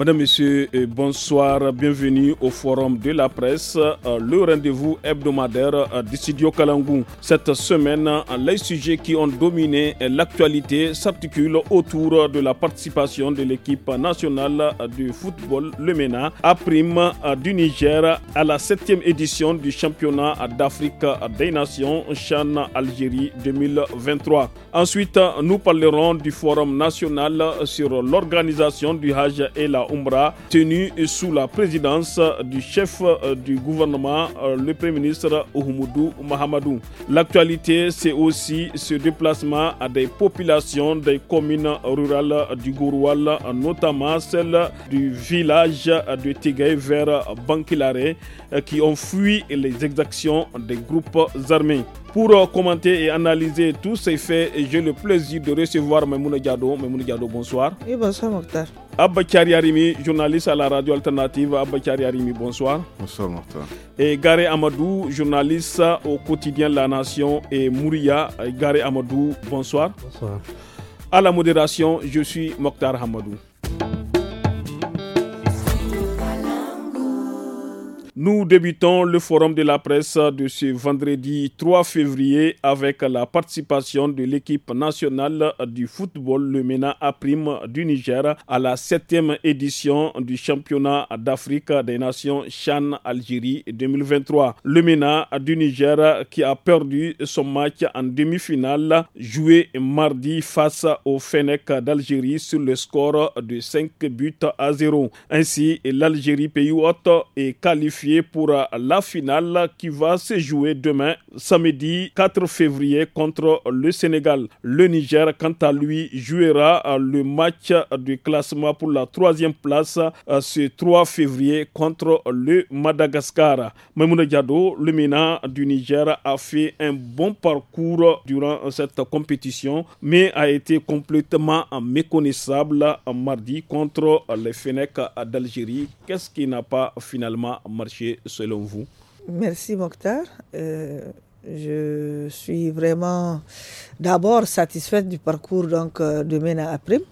Mesdames Monsieur, bonsoir. Bienvenue au Forum de la presse, euh, le rendez-vous hebdomadaire euh, du studio Kalangou. Cette semaine, euh, les sujets qui ont dominé l'actualité s'articulent autour de la participation de l'équipe nationale de football, le MENA, à prime du Niger à la septième édition du championnat d'Afrique des Nations, Chan Algérie 2023. Ensuite, nous parlerons du Forum national sur l'organisation du Hajj et la tenu sous la présidence du chef euh, du gouvernement, euh, le Premier ministre Oumoudou Mahamadou. L'actualité, c'est aussi ce déplacement à des populations des communes rurales du Gouroual, notamment celle du village de Tigay vers Bankilare, euh, qui ont fui les exactions des groupes armés. Pour euh, commenter et analyser tous ces faits, j'ai le plaisir de recevoir Memoune Diado. Memoune bonsoir. Et bonsoir Mokhtar. Abba Kariarimi, journaliste à la radio alternative. Abba Kariarimi, bonsoir. Bonsoir Mokhtar. Et Gare Amadou, journaliste au quotidien La Nation et Mouria. Garé Amadou, bonsoir. Bonsoir. À la modération, je suis Mokhtar Amadou. Nous débutons le forum de la presse de ce vendredi 3 février avec la participation de l'équipe nationale du football, le MENA prime du Niger, à la septième édition du championnat d'Afrique des nations Chan Algérie 2023. Le MENA du Niger qui a perdu son match en demi-finale joué mardi face au Fennec d'Algérie sur le score de 5 buts à 0. Ainsi, l'Algérie pays haute est qualifiée pour euh, la finale qui va se jouer demain, samedi 4 février, contre le Sénégal. Le Niger, quant à lui, jouera euh, le match du classement pour la troisième place euh, ce 3 février contre le Madagascar. mais Diado, le MENA du Niger, a fait un bon parcours durant cette compétition, mais a été complètement méconnaissable mardi contre les Fenech d'Algérie. Qu'est-ce qui n'a pas finalement marché? selon vous Merci Mokhtar. Euh, je suis vraiment d'abord satisfaite du parcours donc, euh, de MENA à Prime.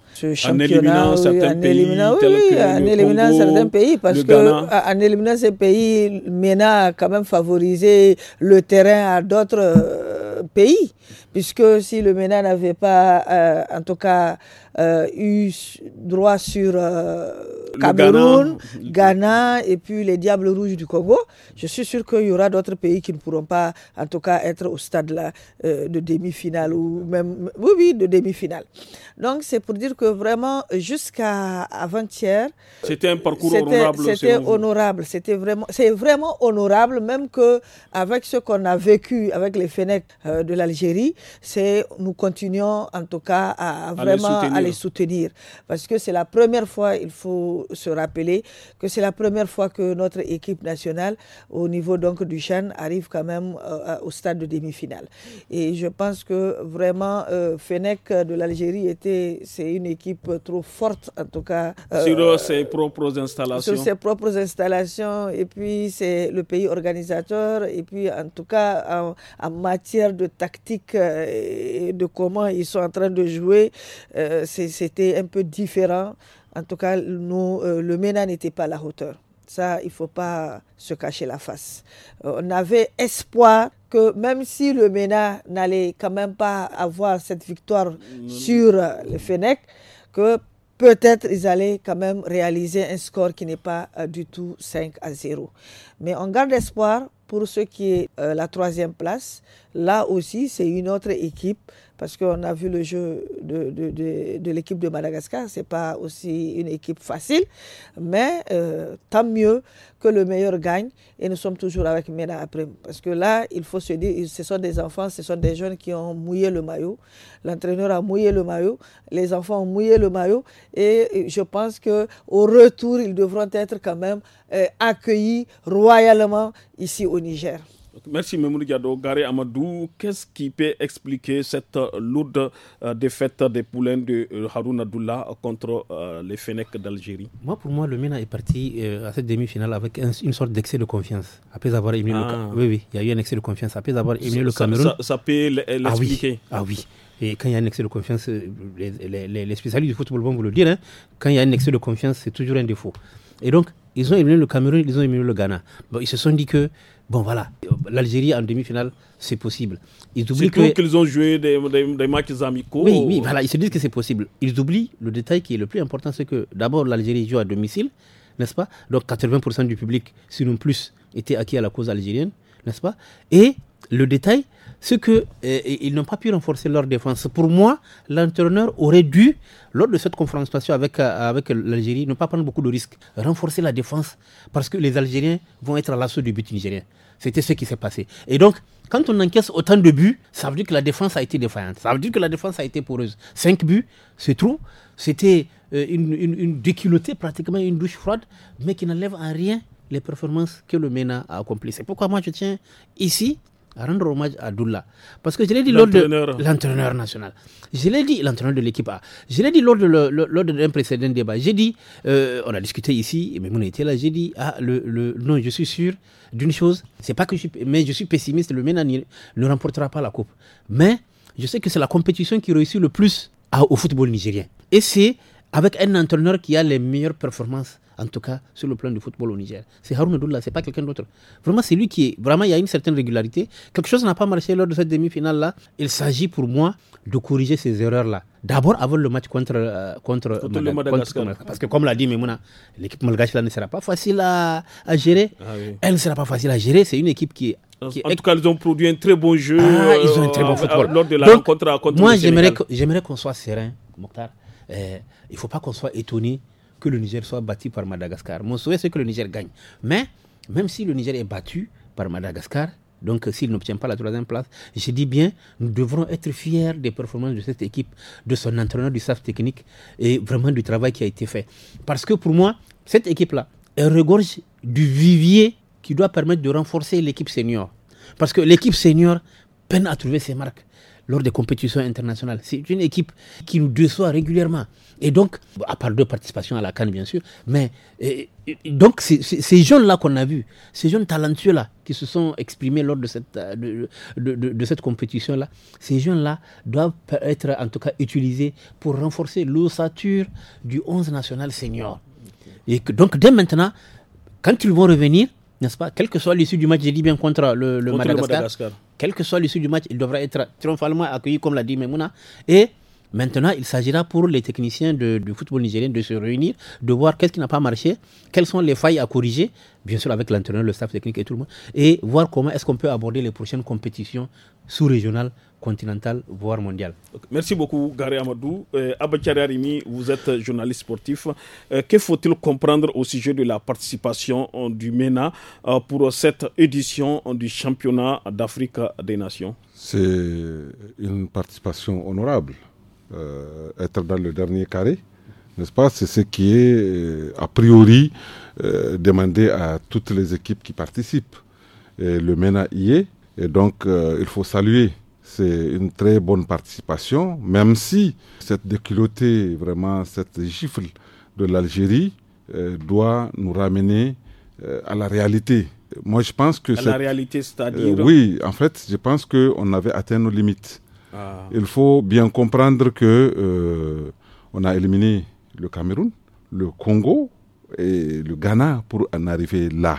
en éliminant certains pays. oui, certains pays. Parce que en éliminant ces pays, MENA a quand même favorisé le terrain à d'autres euh, euh, pays, puisque si le MENA n'avait pas, euh, en tout cas, euh, eu droit sur Cameroun, Ghana. et puis les Diables Rouges du Congo, je suis sûr qu'il y aura d'autres pays qui ne pourront pas, en tout cas, être au stade de demi-finale ou même, oui, oui, de demi-finale. Donc, c'est pour dire que vraiment, jusqu'à avant-hier, c'était un parcours honorable. C'était honorable. C'était vraiment, c'est vraiment honorable, même que avec ce qu'on a vécu avec les fenêtres, euh, de l'Algérie, c'est nous continuons en tout cas à, vraiment les, soutenir. Parce que c'est la première fois, il faut se rappeler, que c'est la première fois que notre équipe nationale au niveau donc du Chan arrive quand même euh, au stade de demi-finale. Et je pense que vraiment euh, de l'Algérie était, c'est une équipe trop forte en tout cas. Euh, sur ses propres installations. Sur ses propres installations et puis c'est le pays organisateur et puis en tout cas en, en matière de tactique euh, et de comment ils sont en train de jouer, euh, c'était un peu différent. En tout cas, nous, euh, le MENA n'était pas à la hauteur. Ça, il ne faut pas se cacher la face. On avait espoir que même si le MENA n'allait quand même pas avoir cette victoire sur le FENEC, que peut-être ils allaient quand même réaliser un score qui n'est pas du tout 5 à 0. Mais on garde espoir pour ce qui est euh, la troisième place, là aussi, c'est une autre équipe parce qu'on a vu le jeu de, l'équipe de Madagascar. Ce n'est pas aussi une équipe facile, mais euh, tant mieux que le meilleur gagne. Et nous sommes toujours avec Mena après. Parce que là, il faut se dire, ce sont des enfants, ce sont des jeunes qui ont mouillé le maillot. L'entraîneur a mouillé le maillot, les enfants ont mouillé le maillot. Et je pense qu'au retour, ils devront être quand même euh, accueillis royalement ici au Niger. Merci Memoud Diado. Garé Amadou, qu'est-ce qui peut expliquer cette lourde euh, défaite des poulains de euh, Haroun Abdullah contre euh, les Fenech d'Algérie Moi, pour moi, le MENA est parti à cette demi-finale avec une sorte d'excès de confiance. Après avoir éliminé le ah. Oui, oui, il y a eu un excès de confiance. Après avoir éliminé le Cameroun. Ça, peut ah l'expliquer. Ah oui. Et quand il y a un excès de confiance, les, spécialistes du football vont vous le dire, hein. quand il y a un excès de confiance, c'est toujours un défaut. Et donc, ils ont éliminé le Cameroun, ils ont éliminé le Ghana. ils se sont dit que Bon, voilà. L'Algérie en demi-finale, c'est possible. Ils oublient qu'ils ont joué des, des, des, matchs amicaux. Oui, oui, voilà. Ils se disent que c'est possible. Ils oublient le détail qui est le plus important c'est que d'abord, l'Algérie joue à domicile, n'est-ce pas Donc, 80% du public, sinon plus, était acquis à la cause algérienne, n'est-ce pas Et le détail, ce qu'ils n'ont pas pu renforcer leur défense. Pour moi, l'entraîneur aurait dû, lors de cette confrontation euh, avec, l'Algérie, ne pas prendre beaucoup de risques, renforcer la défense, parce que les Algériens vont être à l'assaut du but nigérien. C'était ce qui s'est passé. Et donc, quand on encaisse autant de buts, ça veut dire que la défense a été défaillante. Ça veut dire que la défense a été poreuse. Cinq buts, c'est trop. C'était euh, une, une, déculottée, pratiquement une douche froide, mais qui n'enlève en rien les performances que le MENA a accomplies. C'est pourquoi moi je tiens ici à rendre hommage à Doula. Parce que je l'ai dit lors de l'entraîneur national. Je l'ai dit, l'entraîneur de l'équipe A. Je l'ai dit lors de d'un précédent débat. J'ai dit, euh, on a discuté ici, mais mon on était là, j'ai dit, ah, le, le, non, je suis sûr d'une chose, c'est pas que je mais je suis pessimiste, le Ménan ne remportera pas la Coupe. Mais je sais que c'est la compétition qui réussit le plus au football nigérien. Et c'est avec un entraîneur qui a les meilleures performances en tout cas sur le plan du football au Niger. C'est Haroun ce c'est pas quelqu'un d'autre. Vraiment, c'est lui qui est. Vraiment, il y a une certaine régularité. Quelque chose n'a pas marché lors de cette demi-finale-là. Il s'agit pour moi de corriger ces erreurs-là. D'abord avant le match contre, euh, contre, Madagascar. Parce que comme l'a dit Mimouna, l'équipe malgache là ne sera pas facile à, gérer. Ah Elle ne sera pas facile à gérer. C'est une équipe qui en tout cas, ils ont produit un très bon jeu. Ah, ils ont un très bon euh, football. Lors de la rencontre contre Moi, j'aimerais qu'on soit serein, Mokhtar. Euh, il ne faut pas qu'on soit étonné que le Niger soit battu par Madagascar. Mon souhait, c'est que le Niger gagne. Mais même si le Niger est battu par Madagascar, donc s'il n'obtient pas la troisième place, je dis bien, nous devrons être fiers des performances de cette équipe, de son entraîneur, du staff technique et vraiment du travail qui a été fait. Parce que pour moi, cette équipe-là, elle regorge du vivier qui doit permettre de renforcer l'équipe senior. Parce que l'équipe senior peine à trouver ses marques lors des compétitions internationales. C'est une équipe qui nous déçoit régulièrement. Et donc, à part deux participations à la Cannes, bien sûr, mais donc ces jeunes-là qu'on a vus, ces jeunes talentueux-là qui se sont exprimés lors de cette, euh, de, de, cette compétition-là, ces jeunes-là doivent être en tout cas utilisés pour renforcer l'ossature du 11 national senior. Et donc, dès maintenant, quand ils vont revenir, n'est-ce pas, quelle que soit l'issue du match, j'ai dit bien contre le, le Madagascar quelle que soit l'issue du match, il devra être triomphalement accueilli, comme l'a dit Memouna. Et Maintenant, il s'agira pour les techniciens du football nigérien de se réunir, de voir qu'est-ce qui n'a pas marché, quelles sont les failles à corriger, bien sûr avec l'entraîneur, le staff technique et tout le monde, et voir comment est-ce qu'on peut aborder les prochaines compétitions sous-régionales continentale, voire mondiale. Merci beaucoup, Gary Amadou. Euh, Arimi, vous êtes journaliste sportif. Euh, que faut-il comprendre au sujet de la participation euh, du MENA euh, pour cette édition du championnat d'Afrique des Nations C'est une participation honorable. être dans le dernier carré, n'est-ce pas C'est ce qui est, a priori, demandé à toutes les équipes qui participent. Et le MENA y est, et donc il faut saluer c'est une très bonne participation, même si cette déculottée, vraiment cette gifle de l'Algérie euh, doit nous ramener euh, à la réalité. Moi, je pense que... À la réalité, c'est-à-dire... Euh, oui, en fait, je pense qu'on avait atteint nos limites. Ah. Il faut bien comprendre que on a éliminé le Cameroun, le Congo et le Ghana pour en arriver là.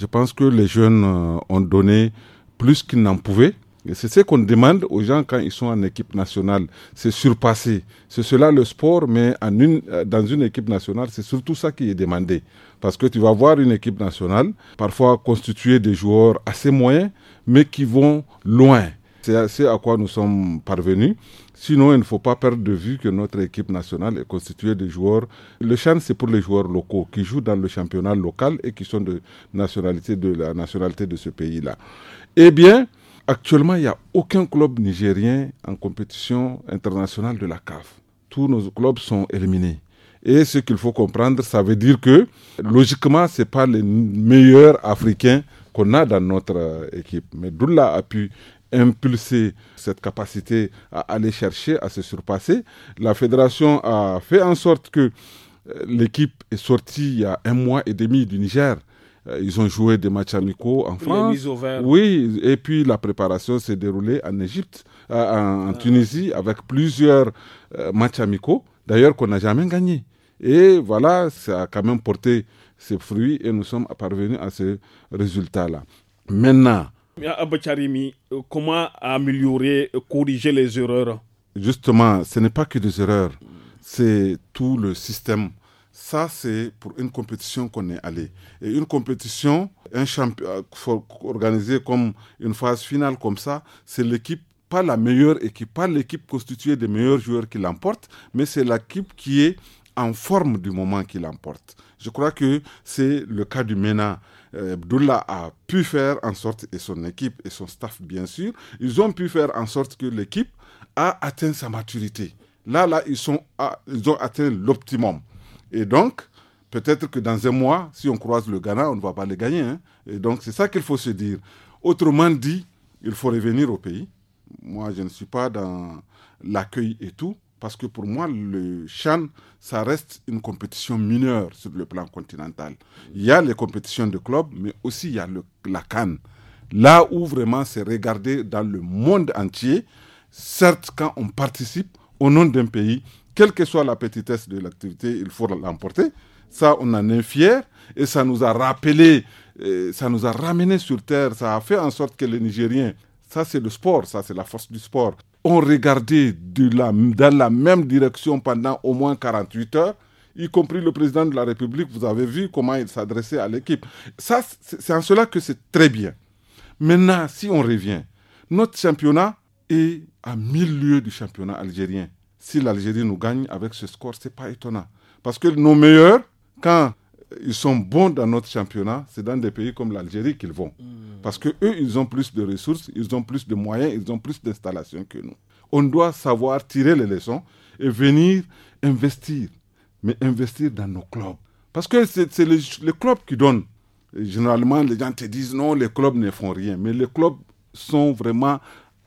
Je pense que les jeunes ont donné plus qu'ils n'en pouvaient. C'est ce qu'on demande aux gens quand ils sont en équipe nationale, c'est surpasser. C'est cela le sport, mais en une, dans une équipe nationale, c'est surtout ça qui est demandé. Parce que tu vas voir une équipe nationale, parfois constituée de joueurs assez moyens, mais qui vont loin. C'est à quoi nous sommes parvenus. Sinon, il ne faut pas perdre de vue que notre équipe nationale est constituée de joueurs. Le champ, c'est pour les joueurs locaux qui jouent dans le championnat local et qui sont de nationalité de la nationalité de ce pays-là. Eh bien, Actuellement, il n'y a aucun club nigérien en compétition internationale de la CAF. Tous nos clubs sont éliminés. Et ce qu'il faut comprendre, ça veut dire que logiquement, ce n'est pas les meilleurs Africains qu'on a dans notre euh, équipe. Mais Doula a pu impulser cette capacité à aller chercher, à se surpasser. La fédération a fait en sorte que euh, l'équipe est sortie il y a un mois et demi du Niger. Euh, ils ont joué des matchs amicaux en France. Oui, et puis la préparation s'est déroulée en Égypte, euh, en, ah. Tunisie, avec plusieurs euh, matchs amicaux, d'ailleurs qu'on n'a jamais gagné. Et voilà, ça a quand même porté ses fruits et nous sommes parvenus à ce résultat-là. Maintenant. Abacharimi, comment améliorer, corriger les erreurs Justement, ce n'est pas que des erreurs, c'est tout le système ça, c'est pour une compétition qu'on est allé. Et une compétition, un championnat euh, organisé comme une phase finale comme ça, c'est l'équipe, pas la meilleure équipe, pas l'équipe constituée des meilleurs joueurs qui l'emporte, mais c'est l'équipe qui est en forme du moment qui l'emporte. Je crois que c'est le cas du MENA. Euh, Abdullah a pu faire en sorte, et son équipe et son staff bien sûr, ils ont pu faire en sorte que l'équipe a atteint sa maturité. Là, là, ils, sont ils ont atteint l'optimum. Et donc, peut-être que dans un mois, si on croise le Ghana, on ne va pas les gagner. Hein. Et donc, c'est ça qu'il faut se dire. Autrement dit, il faut revenir au pays. Moi, je ne suis pas dans l'accueil et tout, parce que pour moi, le Chan, ça reste une compétition mineure sur le plan continental. Il y a les compétitions de clubs, mais aussi il y a le, la Cannes. Là où vraiment c'est regardé dans le monde entier, certes, quand on participe au nom d'un pays, quelle que soit la petitesse de l'activité, il faut l'emporter. Ça, on en est fiers et ça nous a rappelé, euh, ça nous a ramené sur terre, ça a fait en sorte que les Nigériens, ça c'est le sport, ça c'est la force du sport, ont regardé de la, dans la même direction pendant au moins 48 heures, y compris le président de la République, vous avez vu comment il s'adressait à l'équipe. Ça, c'est en cela que c'est très bien. Maintenant, si on revient, notre championnat est à mille lieues du championnat algérien si l'Algérie nous gagne avec ce score, ce n'est pas étonnant. Parce que nos meilleurs, quand ils sont bons dans notre championnat, c'est dans des pays comme l'Algérie qu'ils vont. Hmm. Parce que ils ont plus de ressources, ils ont plus de moyens, ils ont plus d'installations que nous. On doit savoir tirer les leçons et venir investir, mais investir dans nos clubs. Parce que c'est les, clubs qui donnent. généralement, les gens te disent non, les clubs ne font rien, mais les clubs sont vraiment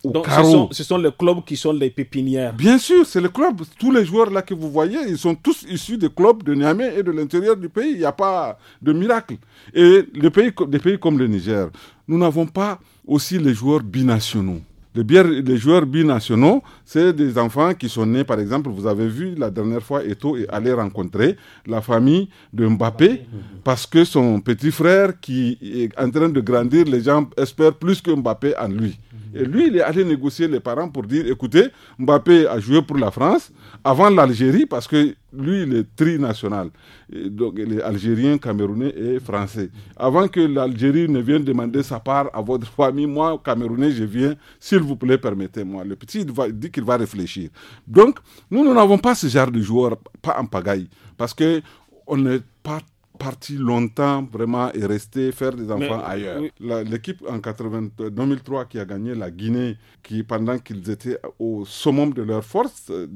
ce sont, ce sont les clubs qui sont les pépinières. Bien sûr, c'est le club. Tous les joueurs là que vous voyez, ils sont tous issus des clubs de Niamey et de l'intérieur du pays. Il n'y a pas de miracle. Et les pays, des pays comme le Niger, nous n'avons pas aussi les joueurs binationaux. Les, joueurs binationaux, c'est des enfants qui sont nés, par exemple, vous avez vu la dernière fois Eto est allé rencontrer la famille de Mbappé parce que son petit frère qui est en train de grandir, les gens espèrent plus que Mbappé en lui. Et lui, il est allé négocier les parents pour dire, écoutez, Mbappé a joué pour la France avant l'Algérie parce que lui, il est trinational. Et donc, il est algérien, camerounais et français. Avant que l'Algérie ne vienne demander sa part à votre famille, moi, camerounais, je viens, s'il vous plaît, permettez-moi. Le petit, dit qu'il va réfléchir. Donc, nous, nous n'avons pas ce genre de joueur, pas en pagaille, parce que on n'est pas parti longtemps vraiment et rester faire des enfants ailleurs. L'équipe en 80, 2003 qui a gagné la Guinée, qui pendant qu'ils étaient au summum de leur force, euh,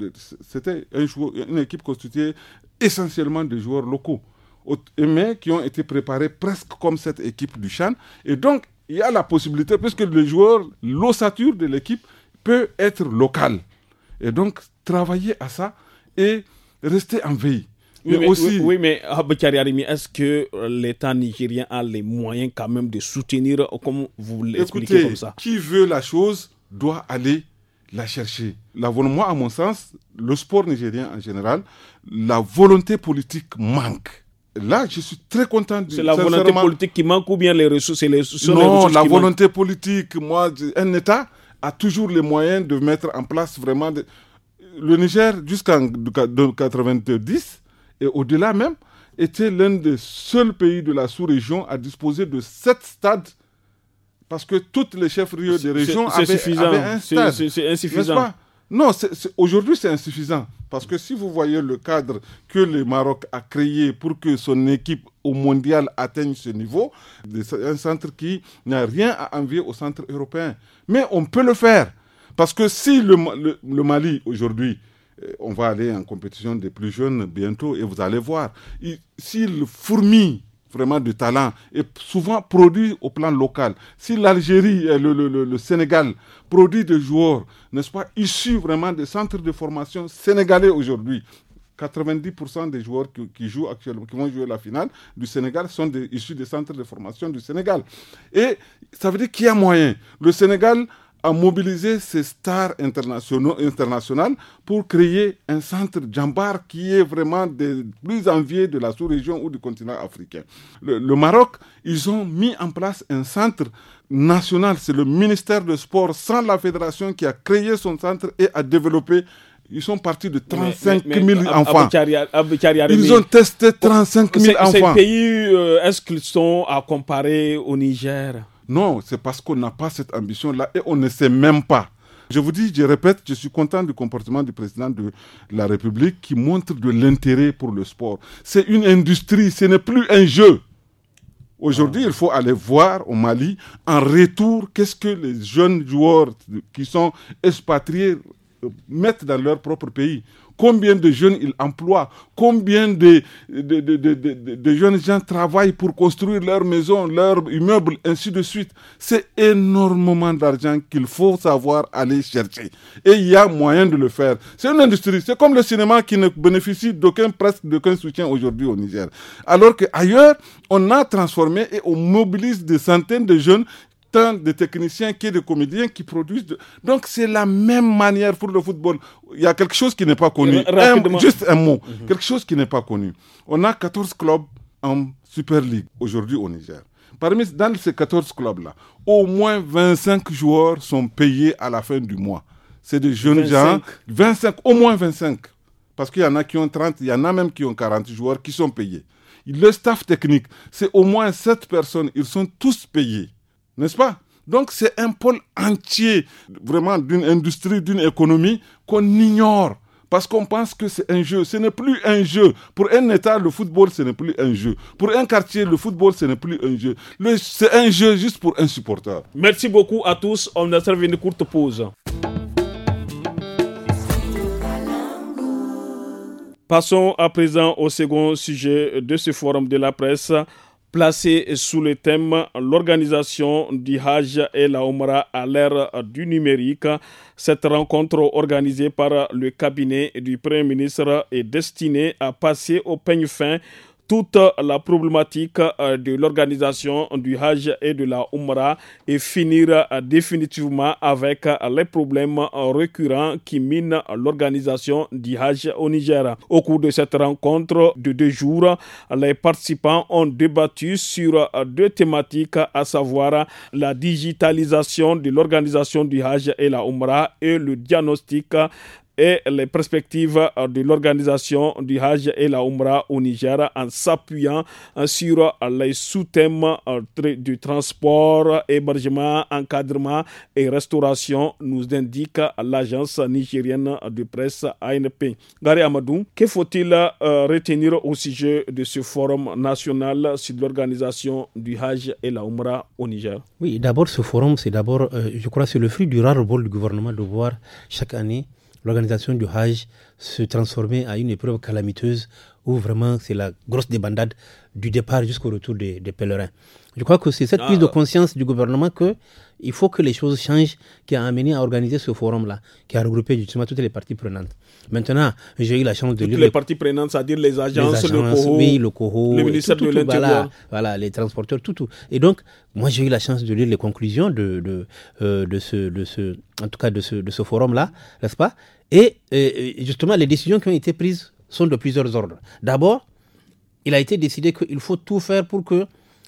c'était un une équipe constituée essentiellement de joueurs locaux mais qui ont été préparés presque comme cette équipe du Chan. Et donc, il y a la possibilité, puisque le joueur, l'ossature de l'équipe peut être locale. Et donc, travailler à ça et rester en veille. Oui, mais, aussi. Oui, est-ce que euh, l'État nigérien a les moyens quand même de soutenir, euh, comme vous l'expliquez comme ça Qui veut la chose doit aller la chercher. La, moi, à mon sens, le sport nigérien en général, la volonté politique manque. Là, je suis très content. C'est la volonté politique qui manque ou bien les ressources, et les, non, la volonté politique. Moi, un État a toujours les moyens de mettre en place vraiment. Le Niger, jusqu'en 1990 et au-delà même, était l'un des seuls pays de la sous-région à disposer de sept stades parce que toutes les chefs-lieux des régions avaient, un stade. C'est insuffisant. Pas non, aujourd'hui c'est insuffisant parce que si vous voyez le cadre que le Maroc a créé pour que son équipe au mondial atteigne ce niveau, c'est un centre qui n'a rien à envier au centre européen. Mais on peut le faire parce que si le Mali aujourd'hui euh, on va aller en compétition des plus jeunes bientôt et vous allez voir. s'il fourmille vraiment de talent et souvent produit au plan local. Si l'Algérie, et le, Sénégal produit des joueurs, n'est-ce pas, issus vraiment des centres de formation sénégalais aujourd'hui, 90% des joueurs qui, jouent actuellement, qui vont jouer la finale du Sénégal sont issus des centres de formation du Sénégal. Et ça veut dire qu'il y a moyen. Le Sénégal, à mobiliser ces stars internationaux, internationales pour créer un centre jambar qui est vraiment des plus enviés de la sous-région ou du continent africain. Le, Maroc, ils ont mis en place un centre national, c'est le ministère de sport sans la fédération qui a créé son centre et a développé ils sont partis de 35 000 enfants. ils ont testé 35 000 enfants. Ces pays, euh, est-ce qu'ils sont à comparer au Niger non, c'est parce qu'on n'a pas cette ambition-là et on ne sait même pas. Je vous dis, je répète, je suis content du comportement du président de la République qui montre de l'intérêt pour le sport. C'est une industrie, ce n'est plus un jeu. Aujourd'hui, il faut aller voir au Mali, en retour, qu'est-ce que les jeunes joueurs qui sont expatriés euh, mettent dans leur propre pays combien de jeunes ils emploient, combien de, jeunes gens travaillent pour construire leur maison, leur immeuble, ainsi de suite. C'est énormément d'argent qu'il faut savoir aller chercher. Et il y a moyen de le faire. C'est une industrie, c'est comme le cinéma qui ne bénéficie d'aucun presque d'aucun soutien aujourd'hui au Niger. Alors qu'ailleurs, on a transformé et on mobilise des centaines de jeunes tant de techniciens que de comédiens qui produisent. Donc c'est la même manière pour le football. Il y a quelque chose qui n'est pas connu. juste un mot. Mhm. Quelque chose qui n'est pas connu. On a 14 clubs en Super League aujourd'hui au Niger. Parmi dans ces 14 clubs-là, au moins 25 joueurs sont payés à la fin du mois. C'est des jeunes gens, 25, au moins 25. Parce qu'il y en a qui ont 30, il y en a même qui ont 40 joueurs qui sont payés. Le staff technique, c'est au moins 7 personnes, ils sont tous payés n'est-ce pas Donc c'est un pôle entier, vraiment d'une industrie, d'une économie qu'on ignore. Parce qu'on pense que c'est un jeu. Ce n'est plus un jeu. Pour un État, le football, ce n'est plus un jeu. Pour un quartier, le football, ce n'est plus un jeu. C'est un jeu juste pour un supporter. Merci beaucoup à tous. On a servi une courte pause. Passons à présent au second sujet de ce forum de la presse placé sous le thème L'organisation du Hajj et la Omra à l'ère du numérique. Cette rencontre organisée par le cabinet du Premier ministre est destinée à passer au peigne fin toute la problématique euh, de l'organisation du Hajj et de la Umrah et finir euh, définitivement avec euh, les problèmes récurrents qui minent l'organisation du Hajj au Niger. Au cours de cette rencontre de deux jours, les participants ont débattu sur deux thématiques, à savoir la digitalisation de l'organisation du Hajj et la Umrah et le diagnostic et les perspectives euh, de l'organisation du Hajj et la Umrah au Niger en s'appuyant euh, sur euh, les sous-thèmes du transport, hébergement, encadrement et restauration, nous indique l'agence nigérienne de presse ANP. Gary Amadou, que faut-il retenir au sujet de ce forum national sur l'organisation du Hajj et la Umrah au Niger Oui, d'abord ce forum, c'est d'abord, je crois, c'est le fruit du rare rôle du gouvernement de voir chaque année l'organisation du Hajj se transformait en une épreuve calamiteuse où vraiment c'est la grosse débandade du départ jusqu'au retour des, pèlerins. Je crois que c'est cette prise de ah. conscience du gouvernement que il faut que les choses changent qui a amené à organiser ce forum-là, qui a regroupé justement toutes les parties prenantes. Maintenant, j'ai eu la chance de toutes les parties prenantes, c'est-à-dire les agences, le COHO, le, ministère de l'Intérieur. Voilà, les transporteurs, tout, tout. Et donc, moi, j'ai eu la chance de lire les conclusions de, de, euh, ce, de ce, en tout cas, de ce, de ce forum-là, n'est-ce pas? Et justement, les décisions qui ont été prises sont de plusieurs ordres. D'abord, il a été décidé qu'il faut tout faire pour que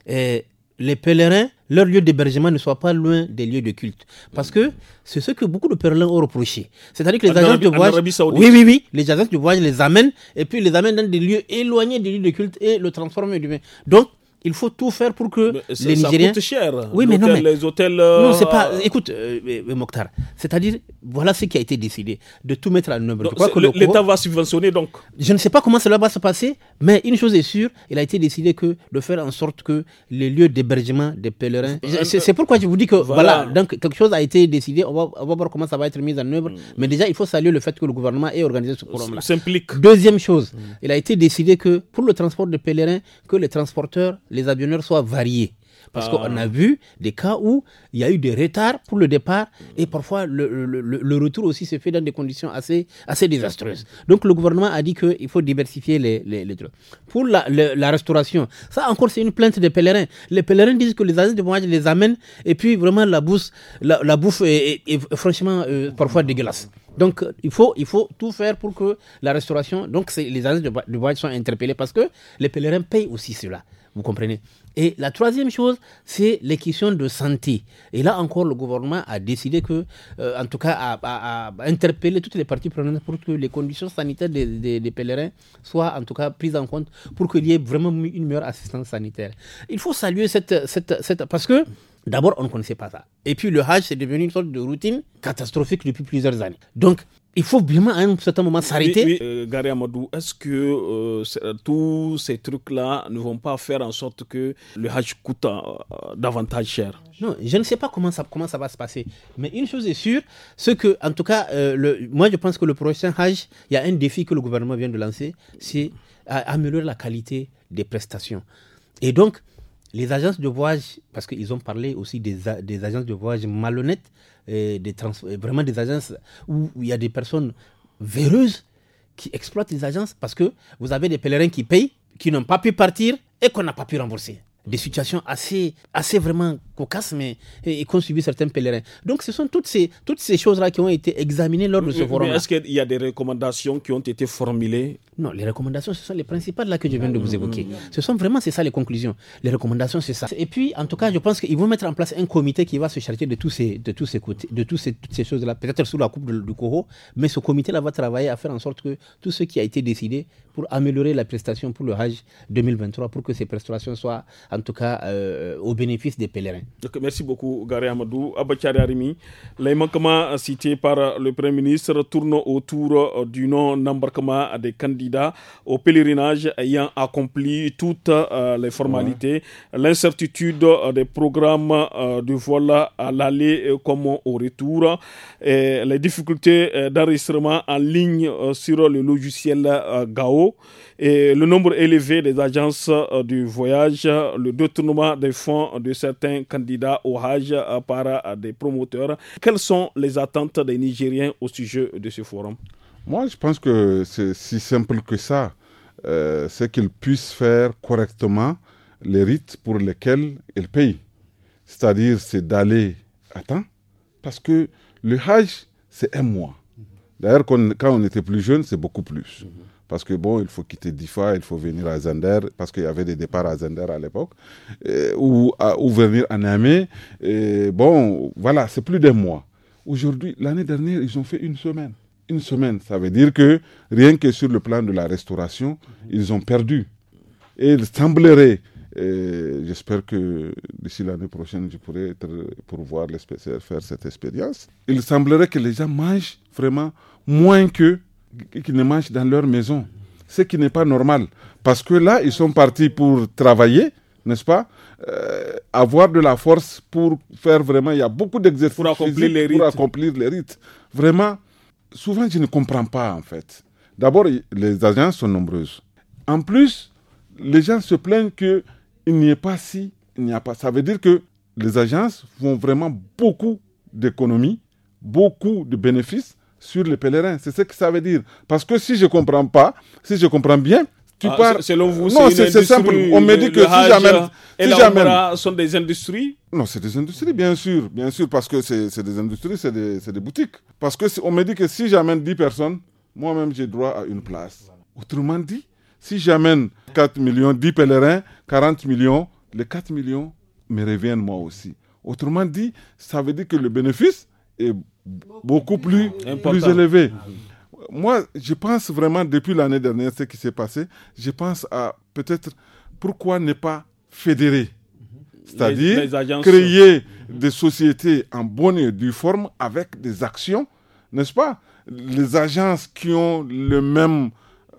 eh, les pèlerins, leur lieu d'hébergement ne soit pas loin des lieux de culte. Parce que c'est ce que beaucoup de pèlerins ont reproché. C'est-à-dire que les agents de voyage. Oui, oui, oui. Les agences de voyage les amènent et puis les amènent dans des lieux éloignés des lieux de culte et le transforment Donc, il faut tout faire pour que les Nigériens. Ça coûte cher. Oui, mais non, Les hôtels. Euh, non, c'est pas. Écoute, euh, Mokhtar, c'est-à-dire, voilà ce qui a été décidé, de tout mettre en œuvre. L'État va subventionner donc. Je ne sais pas comment cela va se passer, mais une chose est sûre, il a été décidé que de faire en sorte que les lieux d'hébergement des pèlerins. Euh, c'est pourquoi je vous dis que voilà. donc quelque chose a été décidé. On va, voir comment ça va être mis en œuvre. Mm. Mais déjà, il faut saluer le fait que le gouvernement ait organisé ce programme-là. S'implique. Deuxième chose, mm. il a été décidé que pour le transport des pèlerins, que les transporteurs les avionneurs soient variés. Parce ah. qu'on a vu des cas où il y a eu des retards pour le départ et parfois le, le, le retour aussi se fait dans des conditions assez, assez désastreuses. Donc le gouvernement a dit qu'il faut diversifier les, les, les trucs. Pour la, la, restauration, ça encore c'est une plainte des pèlerins. Les pèlerins disent que les agents de voyage les amènent et puis vraiment la, bouffe, la, bouffe est, franchement euh, parfois dégueulasse. Donc, il faut, il faut tout faire pour que la restauration. Donc, les agences de, voyage soient interpellées parce que les pèlerins payent aussi cela. Vous comprenez Et la troisième chose, c'est les questions de santé. Et là encore, le gouvernement a décidé que, euh, en tout cas, a, interpellé toutes les parties prenantes pour que les conditions sanitaires des, pèlerins soient, en tout cas, prises en compte pour qu'il y ait vraiment une meilleure assistance sanitaire. Il faut saluer cette, cette, cette parce que D'abord, on ne connaissait pas ça. Et puis, le Hajj, c'est devenu une sorte de routine catastrophique depuis plusieurs années. Donc, il faut vraiment à un certain moment s'arrêter. Euh, Gary Amadou, est-ce que euh, tous ces trucs-là ne vont pas faire en sorte que le Hajj coûte euh, davantage cher Non, je ne sais pas comment ça, comment ça va se passer. Mais une chose est sûre, c'est que, en tout cas, moi je pense que le prochain Hajj, il y a un défi que le gouvernement vient de lancer, c'est améliorer la qualité des prestations. Et donc, les agences de voyage, parce qu'ils ont parlé aussi des, des agences de voyage malhonnêtes, des vraiment des agences où il y a des personnes véreuses qui exploitent les agences parce que vous avez des pèlerins qui payent, qui n'ont pas pu partir et qu'on n'a pas pu rembourser. Des situations assez, assez vraiment cas mais, et, qu'ont certains pèlerins. Donc ce sont toutes ces, toutes ces choses-là qui ont été examinées lors de ce forum. Est-ce qu'il y a des recommandations qui ont été formulées Non, les recommandations, ce sont les principales là que je viens de ah, vous évoquer. Ce sont vraiment, c'est ça les conclusions. Les recommandations, c'est ça. Et puis, en tout cas, je pense qu'ils vont mettre en place un comité qui va se charger de tous ces, de tous ces côtés, de toutes ces choses-là, peut-être sous la coupe du Coro, mais ce comité-là va travailler à faire en sorte que tout ce qui a été décidé pour améliorer la prestation pour le Hajj 2023, pour que ces prestations soient en tout cas euh, au bénéfice des pèlerins merci beaucoup, Gary Amadou. Abachari Arimi, les manquements cités par le Premier ministre tournent autour du non-embarquement des candidats au pèlerinage ayant accompli toutes euh, les formalités, l'incertitude euh, des programmes euh, de vol à l'aller comme au retour, et les difficultés d'enregistrement en ligne sur le logiciel GAO et le nombre élevé des agences euh, du voyage, le détournement des fonds de certains candidats au Hajj euh, par euh, des promoteurs. Quelles sont les attentes des Nigériens au sujet de ce forum Moi, je pense que c'est si simple que ça. c'est qu'ils puissent faire correctement les rites pour lesquels ils payent. C'est-à-dire, c'est d'aller à temps, parce que le Hajj, c'est un mois. D'ailleurs, quand on était plus jeune, c'est beaucoup plus. Parce que bon, il faut quitter Difa, il faut venir à Zender, parce qu'il y avait des départs à Zender à l'époque, euh, ou, venir à Namé. Bon, voilà, c'est plus d'un mois. Aujourd'hui, l'année dernière, ils ont fait une semaine. Une semaine, ça veut dire que rien que sur le plan de la restauration, ils ont perdu. Et il semblerait j'espère que d'ici l'année prochaine, je pourrai être pour voir faire cette expérience. Il semblerait que les gens mangent vraiment moins que qui ne mangent dans leur maison. Ce qui n'est pas normal. Parce que là, ils sont partis pour travailler, n'est-ce pas euh, Avoir de la force pour faire vraiment. Il y a beaucoup d'exercices pour, accomplir les rites. pour accomplir les rites. Vraiment, souvent, je ne comprends pas, en fait. D'abord, les agences sont nombreuses. En plus, les gens se plaignent qu'il n'y ait pas si, il n'y a pas. Ça veut dire que les agences font vraiment beaucoup d'économies, beaucoup de bénéfices sur les pèlerins. C'est ce que ça veut dire. Parce que si je ne comprends pas, si je comprends bien, tu ah, Selon vous, non, c'est simple. On me dit que si j'amène, si j'amène, sont des industries. Non, c'est des industries, bien sûr, bien sûr, parce que c'est des industries, c'est des, boutiques. Parce que on me dit que si j'amène 10 personnes, moi-même j'ai droit à une place. Autrement dit, si j'amène 4 millions, 10 pèlerins, 40 millions, les 4 millions me reviennent moi aussi. Autrement dit, ça veut dire que le bénéfice, est beaucoup plus, plus élevé. Moi, je pense vraiment, depuis l'année dernière, ce qui s'est passé, je pense à peut-être pourquoi ne pas fédérer c'est-à-dire créer mhm. des sociétés en bonne et due forme avec des actions, n'est-ce pas Les agences qui ont le même,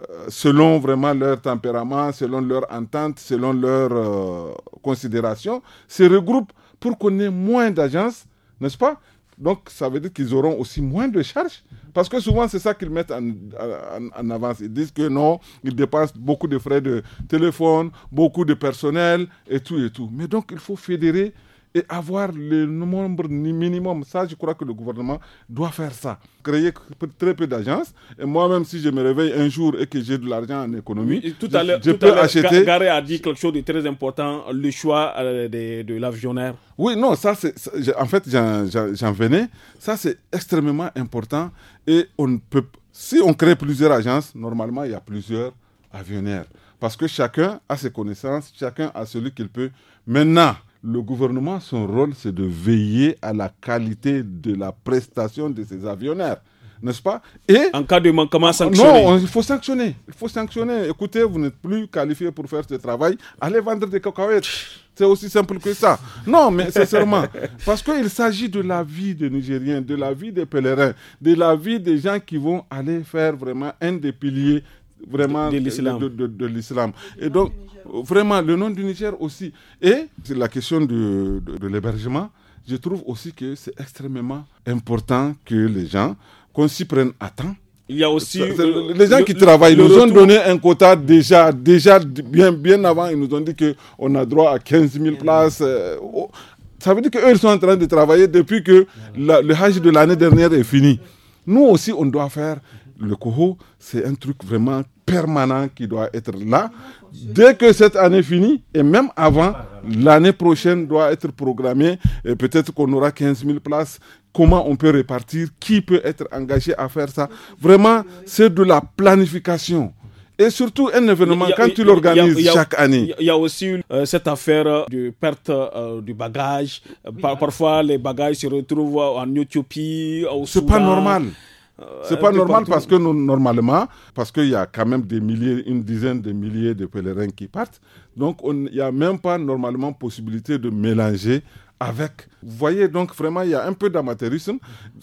euh, selon vraiment leur tempérament, selon leur entente, selon leur euh, considération, se regroupent pour qu'on ait moins d'agences, n'est-ce pas donc, ça veut dire qu'ils auront aussi moins de charges. Parce que souvent, c'est ça qu'ils mettent en, avance. Ils disent que non, ils dépensent beaucoup de frais de téléphone, beaucoup de personnel et tout et tout. Mais donc, il faut fédérer et avoir le nombre minimum. Ça, je crois que le gouvernement doit faire ça. Créer très peu d'agences. Et moi-même, si je me réveille un jour et que j'ai de l'argent en économie, je, peux acheter. Garé a dit quelque chose de très important, le choix euh, de, de l'avionnaire. Oui, non, ça, c'est, en fait, j'en venais. Ça, c'est extrêmement important. Et on peut, si on crée plusieurs agences, normalement, il y a plusieurs avionnaires. Parce que chacun a ses connaissances, chacun a celui qu'il peut. Maintenant, le gouvernement, son rôle, c'est de veiller à la qualité de la prestation de ses avionnaires. N'est-ce pas Et En cas de manquement, ah, sanctionner. Non, il faut sanctionner. Il faut sanctionner. Écoutez, vous n'êtes plus qualifié pour faire ce travail. Allez vendre des cacahuètes. C'est aussi simple que ça. Non, mais sincèrement, parce qu'il s'agit de la vie des Nigériens, de la vie des pèlerins, de la vie des gens qui vont aller faire vraiment un des piliers vraiment de, l'islam. Et donc, vraiment, le nom du Niger aussi. Et la question de, de, l'hébergement, je trouve aussi que c'est extrêmement important que les gens, qu'on s'y prenne à temps. Il y a aussi les gens qui travaillent ils nous ont donné un quota déjà déjà bien bien avant ils nous ont dit que on a droit à 15 000 places euh, ça veut dire qu'eux ils sont en train de travailler depuis que le Hajj de l'année dernière est fini nous aussi on doit faire le coho, c'est un truc vraiment permanent qui doit être là. Dès que cette année finit, et même avant, l'année prochaine doit être programmée. Et peut-être qu'on aura 15 000 places. Comment on peut répartir Qui peut être engagé à faire ça Vraiment, c'est de la planification. Et surtout un événement, quand tu l'organises chaque année. Il y a aussi euh, cette affaire de perte euh, du bagage. Euh, parfois, les bagages se retrouvent en Ce C'est pas normal. C'est pas normal parce que normalement, parce qu'il y a quand même des milliers, une dizaine de milliers de pèlerins qui partent. Donc, il n'y a même pas normalement possibilité de mélanger avec. Vous voyez, donc vraiment, il y a un peu d'amateurisme.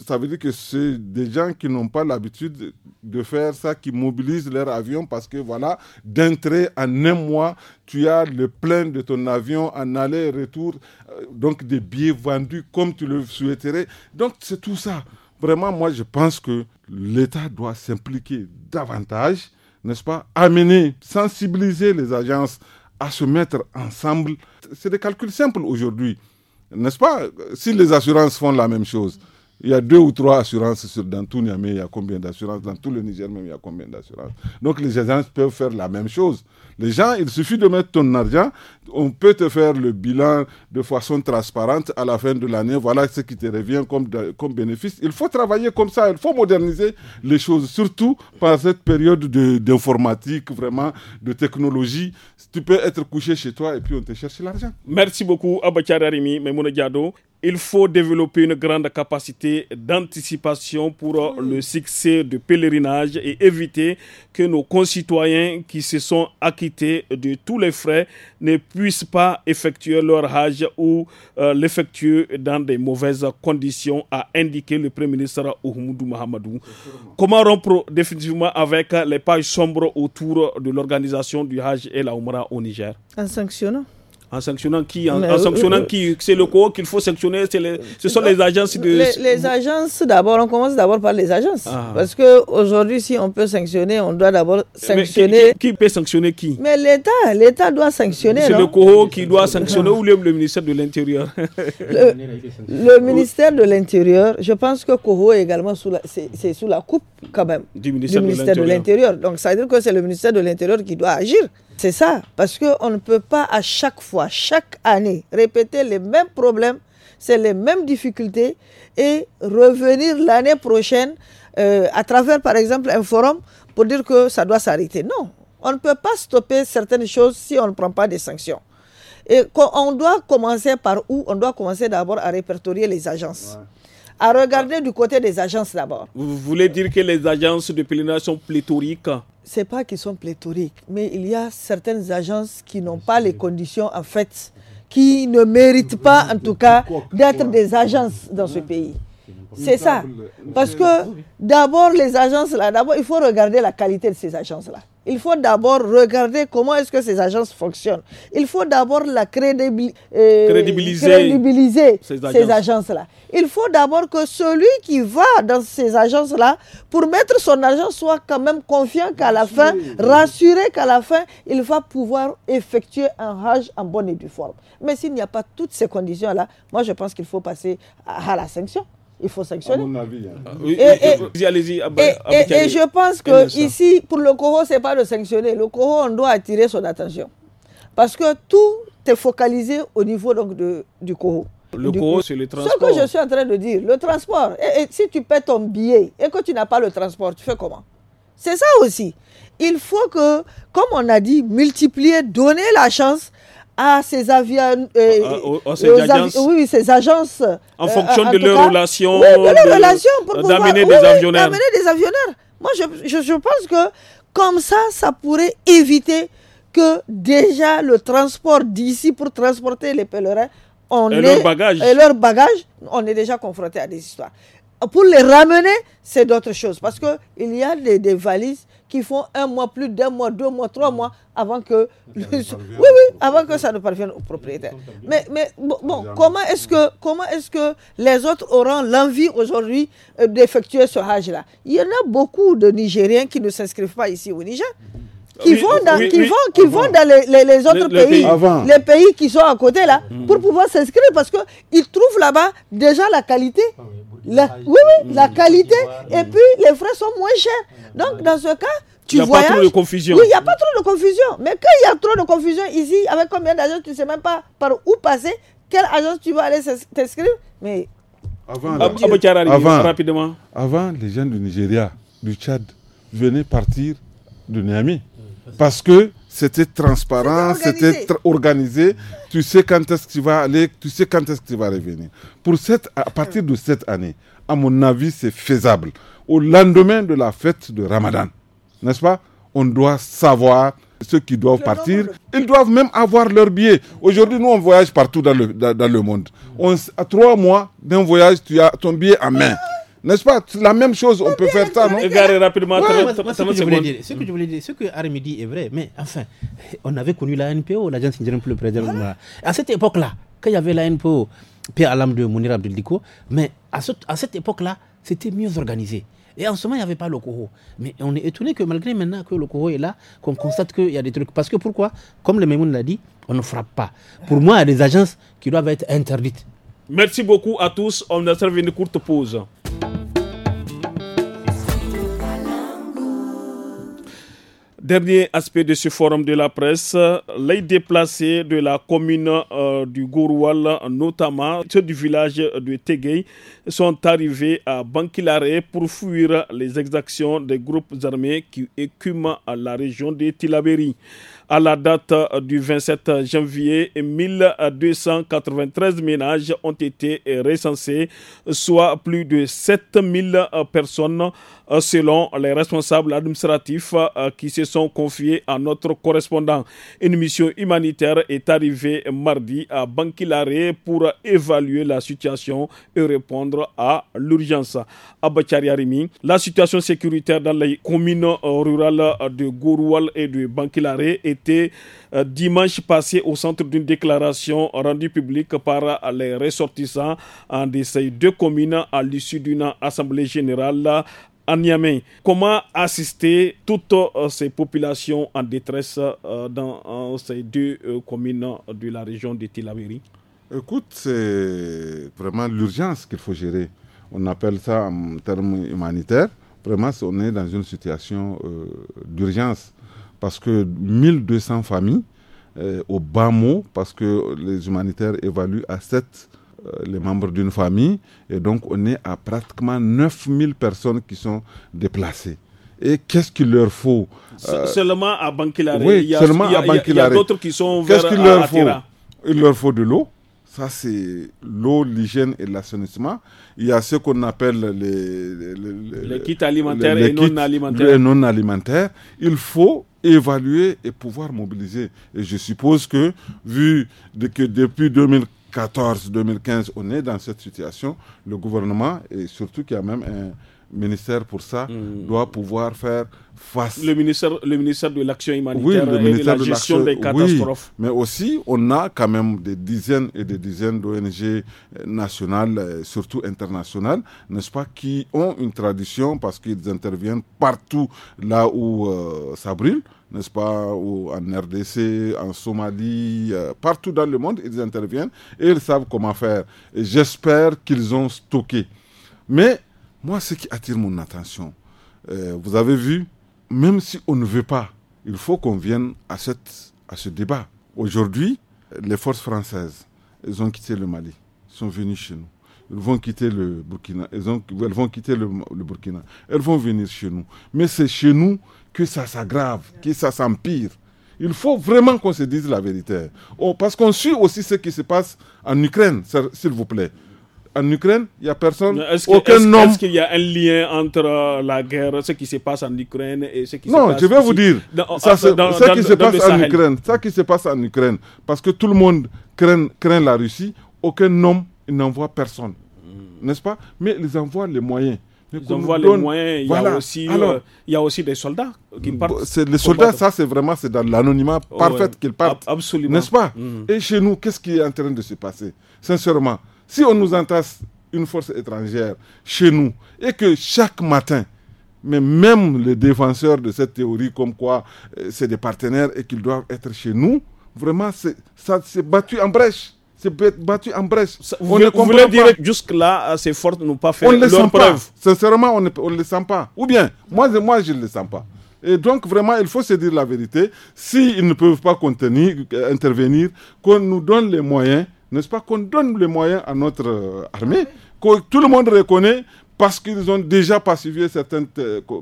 Ça veut dire que c'est des gens qui n'ont pas l'habitude de faire ça, qui mobilisent leur avion parce que voilà, d'entrée en un mois, tu as le plein de ton avion en aller-retour, euh, donc des billets vendus comme tu le souhaiterais. Donc c'est tout ça. Vraiment, moi, je pense que l'État doit s'impliquer davantage, n'est-ce pas Amener, sensibiliser les agences à se mettre ensemble. C'est des calculs simples aujourd'hui, n'est-ce pas Si les assurances font la même chose, il y a deux ou trois assurances dans tout Niamey, il y a combien d'assurances Dans tout le Niger même, il y a combien d'assurances Donc les agences peuvent faire la même chose. Les gens, il suffit de mettre ton argent on peut te faire le bilan de façon transparente à la fin de l'année. Voilà ce qui te revient comme, comme bénéfice. Il faut travailler comme ça, il faut moderniser les choses, surtout par cette période d'informatique, vraiment, de technologie. Tu peux être couché chez toi et puis on te cherche l'argent. Merci beaucoup, Abakar Arimi, Memouna Diado. Il faut développer une grande capacité d'anticipation pour euh, mmh. le succès du pèlerinage et éviter que nos concitoyens qui se sont acquittés de tous les frais ne puissent pas effectuer leur Hajj ou euh, l'effectuer dans des mauvaises conditions, a indiqué le Premier ministre Oumoudou Mahamadou. Comment rompre définitivement avec les pages sombres autour de l'organisation du Hajj et la Oumra au Niger En sanctionnant. En sanctionnant qui En, sanctionnant euh, qui C'est le COHO qu'il faut sanctionner Ce sont les agences de. Les, agences, d'abord, on commence d'abord par les agences. Ah. Parce qu'aujourd'hui, si on peut sanctionner, on doit d'abord sanctionner. Qui, peut sanctionner qui Mais l'État, l'État doit sanctionner. C'est le COHO qui doit sanctionner ou le, ministère de l'Intérieur le, ministère de l'Intérieur, je pense que COHO est également sous la, c'est, sous la coupe quand même du ministère de, l'Intérieur. Donc ça veut dire que c'est le ministère de l'Intérieur qui doit agir. C'est ça, parce qu'on ne peut pas à chaque fois, chaque année, répéter les mêmes problèmes, c'est les mêmes difficultés, et revenir l'année prochaine euh, à travers, par exemple, un forum pour dire que ça doit s'arrêter. Non, on ne peut pas stopper certaines choses si on ne prend pas des sanctions. Et on doit commencer par où On doit commencer d'abord à répertorier les agences à regarder du côté des agences d'abord. Vous voulez dire que les agences de pèlerinage sont pléthoriques Ce n'est pas qu'ils sont pléthoriques, mais il y a certaines agences qui n'ont pas les conditions en fait, qui ne méritent pas en tout cas d'être des agences dans ce pays. C'est ça. Parce que d'abord les agences là, d'abord il faut regarder la qualité de ces agences là il faut d'abord regarder comment est-ce que ces agences fonctionnent. Il faut d'abord la euh, crédibiliser, ces agences-là. il faut d'abord que celui qui va dans ces agences-là, pour mettre son argent, soit quand même confiant qu'à la fin, rassuré qu'à la fin, il va pouvoir effectuer un rage en bonne et due forme. Mais s'il n'y a pas toutes ces conditions-là, moi je pense qu'il faut passer à la sanction il faut sanctionner. À mon avis. Et, et, je pense que ici, pour le Coro, ce n'est pas de sanctionner. Le Coro, on doit attirer son attention. Parce que tout est focalisé au niveau donc, de, du Coro. Le Coro, c'est le transport. Ce que je suis en train de dire, le transport. Et, si tu paies ton billet et que tu n'as pas le transport, tu fais comment C'est ça aussi. Il faut que, comme on a dit, multiplier, donner la chance à ah, ces avions, euh, ah, ah, oh, oh, ces euh, agences. oui, ces agences. En euh, fonction de leurs relations. de leurs relations pour d'amener des, oui, avionnaires. des avionnaires. Moi, je, je, pense que comme ça, ça pourrait éviter que déjà le transport d'ici pour transporter les pèlerins on et, est, leur et leurs bagages, on est déjà confronté à des histoires. Pour les ramener, c'est d'autres choses parce qu'il y a des, des, valises qui font un mois, plus d'un mois, deux mois, trois mois avant que, oui, avant que ça ne parvienne au propriétaire. Mais, mais bon, comment est-ce que, est que les autres auront l'envie aujourd'hui euh, d'effectuer ce Hajj-là Il y en a beaucoup de Nigériens qui ne s'inscrivent pas ici au Niger ah qui vont dans, vont, qui vont dans les, autres pays, les pays qui sont à côté là, mm. pour pouvoir s'inscrire parce qu'ils trouvent là-bas déjà la qualité ah la, ah, oui, oui, la qualité. Et puis, les frais sont moins chers. Donc, dans ce cas, tu il n'y a pas trop de confusion. Oui, il n'y a pas trop de confusion. Mais quand il y a trop de confusion ici, avec combien d'agents, tu ne sais même pas par où passer, quelle agence tu vas aller t'inscrire. Mais. Avant, rapidement. avant, les gens du Nigeria, du Tchad, venaient partir de Niamey. Mm. Parce que c'était transparent, c'était organisé. Tu sais quand est-ce que tu vas aller, tu sais quand est-ce que tu vas revenir. Pour cette, à partir de cette année, à mon avis, c'est faisable. Au lendemain de la fête de Ramadan, n'est-ce pas On doit savoir ceux qui doivent partir, ils doivent même avoir leur billet. Aujourd'hui, nous, on voyage partout dans le, monde. On, à trois mois d'un voyage, tu as ton billet en main. N'est-ce pas La même chose, on peut faire ça, non rapidement. ce, que je voulais dire, ce que Armi dit est vrai, mais enfin, on avait connu la NPO, l'agence nigérienne pour le À cette époque-là, quand il y avait la NPO, Pierre Alam de Mounir Abdeldiko, mais à, cette époque-là, c'était mieux organisé. Et en ce moment, il n'y avait pas le Mais on est étonné que malgré maintenant que le est là, qu'on constate qu'il y a des trucs. Parce que pourquoi Comme le Memoun l'a dit, on ne frappe pas. Pour ah. moi, il y a des agences qui doivent être interdites Merci beaucoup à tous. On servi une courte pause. Dernier aspect de ce forum de la presse, les déplacés de la commune euh, du Gouroual, notamment ceux du village de tegué sont arrivés à Bankilaré pour fuir les exactions des groupes armés qui écument la région de Tilaberi. À la date du 27 janvier, 1293 ménages ont été recensés, soit plus de 7000 personnes selon les responsables administratifs qui se sont confiés à notre correspondant. Une mission humanitaire est arrivée mardi à Banquilaré pour évaluer la situation et répondre à l'urgence. Abachari la situation sécuritaire dans les communes rurales de Gouroual et de Banquilaré est euh, dimanche passé au centre d'une déclaration rendue publique par les ressortissants de ces deux communes à l'issue d'une assemblée générale à Niamey. Comment assister toutes euh, ces populations en détresse euh, dans ces deux communes de la région de Tilaveri Écoute, c'est vraiment l'urgence qu'il faut gérer. On appelle ça en termes humanitaires. Vraiment, on est dans une situation d'urgence parce que 1200 familles, euh, au bas mot, parce que les humanitaires évaluent à 7 euh, les membres d'une famille, et donc on est à pratiquement 9000 personnes qui sont déplacées. Et qu'est-ce qu'il leur faut euh, Seulement à Bankilare. Oui, il y a, il a, d'autres qui sont vers Qu'est-ce qu'il leur faut Il leur faut de l'eau ça, c'est l'eau, l'hygiène et l'assainissement. Il y a ce qu'on appelle les, les, kits alimentaires et non alimentaires. non alimentaires. Il faut évaluer et pouvoir mobiliser. Et je suppose que, vu que depuis 2014-2015, on est dans cette situation, le gouvernement, et surtout qu'il y a même un ministère pour ça, hmm. doit pouvoir faire le ministère, le ministère de l'Action humanitaire le et de la gestion des catastrophes. mais aussi, on a quand même des dizaines et des dizaines d'ONG euh, nationales, euh, surtout internationales, n'est-ce pas, qui ont une tradition parce qu'ils interviennent partout là où ça euh, brûle n'est-ce pas, ou en RDC, en Somalie, partout dans le monde, ils interviennent et ils savent comment faire. j'espère qu'ils ont stocké. Mais moi, ce qui attire mon attention, vous avez vu, même si on ne veut pas, il faut qu'on vienne à, ce débat. Aujourd'hui, les forces françaises, elles ont quitté le Mali, elles sont venues chez nous. Elles vont quitter le Burkina, elles, vont quitter le, Burkina, elles vont venir chez nous. Mais c'est chez nous que ça s'aggrave, que ça s'empire. Il faut vraiment qu'on se dise la vérité. Oh, parce qu'on suit aussi ce qui se passe en Ukraine, s'il vous plaît en Ukraine, il n'y a personne, aucun est Est-ce qu'il y a un lien entre la guerre, ce qui se passe en Ukraine et ce qui se passe Non, je vais vous dire, ça, ce qui se passe en Ukraine, ça qui se passe en Ukraine, parce que tout le monde craint, craint la Russie, aucun homme n'envoie personne, n'est-ce pas Mais ils envoient les moyens. ils envoient les moyens. Il, y a aussi, euh, il y a aussi des soldats qui partent. Les soldats, ça, c'est vraiment c'est dans l'anonymat parfait qu'ils partent. N'est-ce pas mm. Et chez nous, qu'est-ce qui est en train de se passer Sincèrement, si on nous entasse une force étrangère chez nous et que chaque matin, mais même les défenseurs de cette théorie comme quoi euh, c'est des partenaires et qu'ils doivent être chez nous, vraiment, ça s'est battu en brèche. C'est battu en brèche. vous, voulez dire jusque-là, euh, ces forces n'ont pas fait on les sent Pas. Sincèrement, on ne les sent pas. Ou bien, moi, et moi je ne les sens pas. Et donc, vraiment, il faut se dire la vérité. S'ils ne peuvent pas contenir, euh, intervenir, qu'on nous donne les moyens n'est-ce pas, qu'on donne les moyens à notre euh, armée, que tout le monde reconnaît parce qu'ils ont déjà pacifié certaines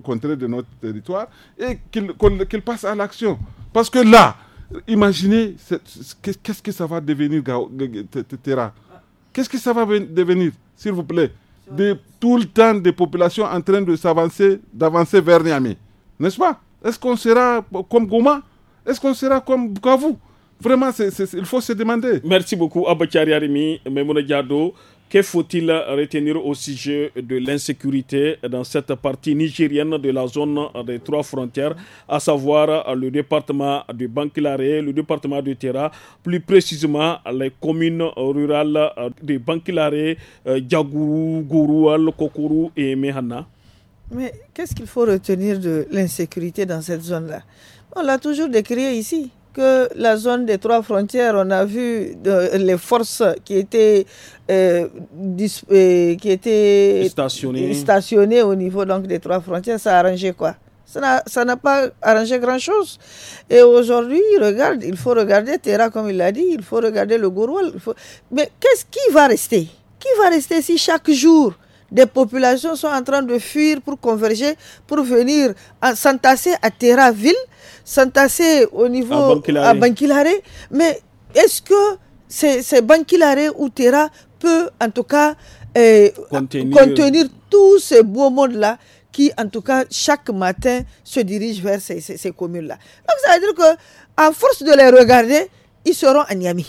contrées de notre territoire et qu'ils passent à l'action. Parce que là, imaginez qu'est-ce que ça va devenir, etc. Qu'est-ce que ça va devenir, s'il vous plaît de, Tout le temps des populations en train de s'avancer, d'avancer vers Niamey. N'est-ce pas Est-ce qu'on sera comme Goma Est-ce qu'on sera comme Bukavu Vraiment, il faut se demander. Merci beaucoup, Abakari Arimi, quest Diado. Que faut-il retenir au sujet de l'insécurité dans cette partie nigérienne de la zone des trois frontières, à savoir le département de Bankilare, le département de Terra, plus précisément les communes rurales de Bankilare, euh, Djagourou, Gouroual, Kokourou et Mehana Mais qu'est-ce qu'il faut retenir de l'insécurité dans cette zone-là On l'a toujours décrit ici que la zone des trois frontières, on a vu euh, les forces qui étaient, euh, euh, qui étaient stationnées stationnées. au niveau donc, des trois frontières, ça a arrangé quoi ça n'a pas arrangé grand-chose. Et aujourd'hui, regarde, il faut regarder Terra, comme il l'a dit, il faut regarder le Gourou. Mais qu'est-ce qui va rester Qui va rester si chaque jour des populations sont en train de fuir pour converger, pour venir s'entasser à Terraville, s'entasser au niveau à Bankilare. Mais est-ce que ces, ces ou Terra peut en tout cas euh, contenir. tous ces beaux beau monde-là qui, en tout cas, chaque matin se dirige vers ces, communes-là. Donc, ça veut dire qu'à force de les regarder, ils seront à Niamey.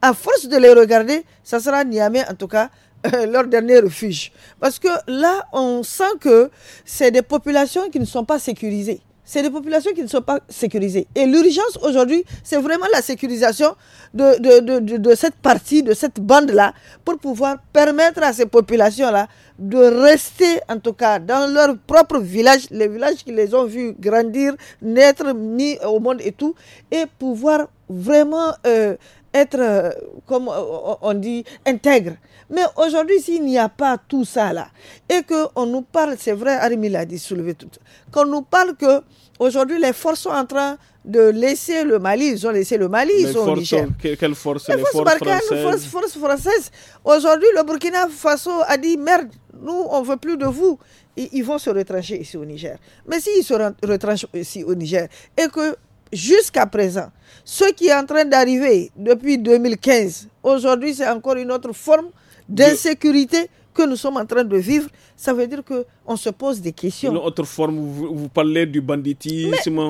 À force de les regarder, ça sera Niamey, en tout cas, leur dernier refuge. Parce que là, on sent que c'est des populations qui ne sont pas sécurisées. C'est des populations qui ne sont pas sécurisées. Et l'urgence aujourd'hui, c'est vraiment la sécurisation de, de, de, de cette partie, de cette bande-là, pour pouvoir permettre à ces populations-là de rester, en tout cas, dans leur propre village, les villages qui les ont vus grandir, naître, mis au monde et tout, et pouvoir vraiment... Euh, être, euh, comme euh, on dit, intègre. Mais aujourd'hui, s'il n'y a pas tout ça là, et qu'on nous parle, c'est vrai, Arimi a dit, soulever tout, qu'on nous parle que aujourd'hui les forces sont en train de laisser le Mali, ils ont laissé le Mali, ils sont Niger. Quelles forces Les, forces, françaises. Aujourd'hui, le Burkina Faso a dit merde, nous, on ne veut plus de vous. ils vont se retrancher ici au Niger. Mais s'ils se retranchent ici au Niger et que jusqu'à présent. Ce qui est en train d'arriver depuis 2015, aujourd'hui, c'est encore une autre forme d'insécurité que nous sommes en train de vivre. Ça veut dire qu'on se pose des questions. Une autre forme, vous, parlez du banditisme,